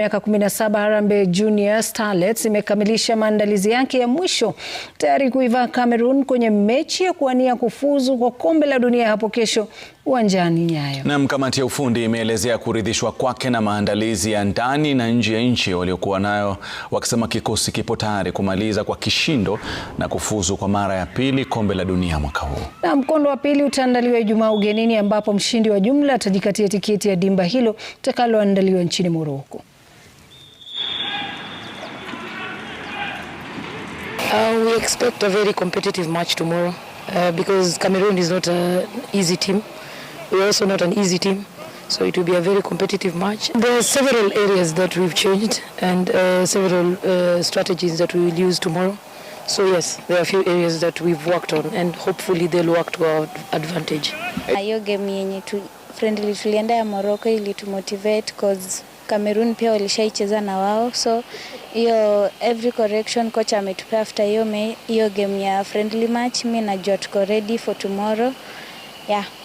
Miaka 17 Harambee Junior Starlets imekamilisha maandalizi yake ya mwisho tayari kuivaa Cameroon kwenye mechi ya kuwania kufuzu kwa kombe la dunia hapo kesho uwanjani Nyayo. Naam, kamati ya ufundi imeelezea kuridhishwa kwake na maandalizi ya ndani na nje ya nchi waliokuwa nayo, wakisema kikosi kipo tayari kumaliza kwa kishindo na kufuzu kwa mara ya pili kombe la dunia mwaka huu. Na mkondo wa pili utaandaliwa Ijumaa ugenini, ambapo mshindi wa jumla atajikatia tiketi ya dimba hilo litakaloandaliwa nchini Morocco. Uh, we expect a very competitive match tomorrow uh, because Cameroon is not an easy team. We're also not an easy team. So it will be a very competitive match. There are several areas that we've changed and uh, several uh, strategies that we will use tomorrow. So yes, there are a few areas that we've worked on and hopefully they'll work to our advantage. Hiyo game yenye friendly tulienda ya Morocco motivate cause Cameroon pia walishaicheza na wao, so hiyo every correction coach ametupea after hiyo hiyo game ya friendly match, mi najua tuko ready for tomorrow yeah.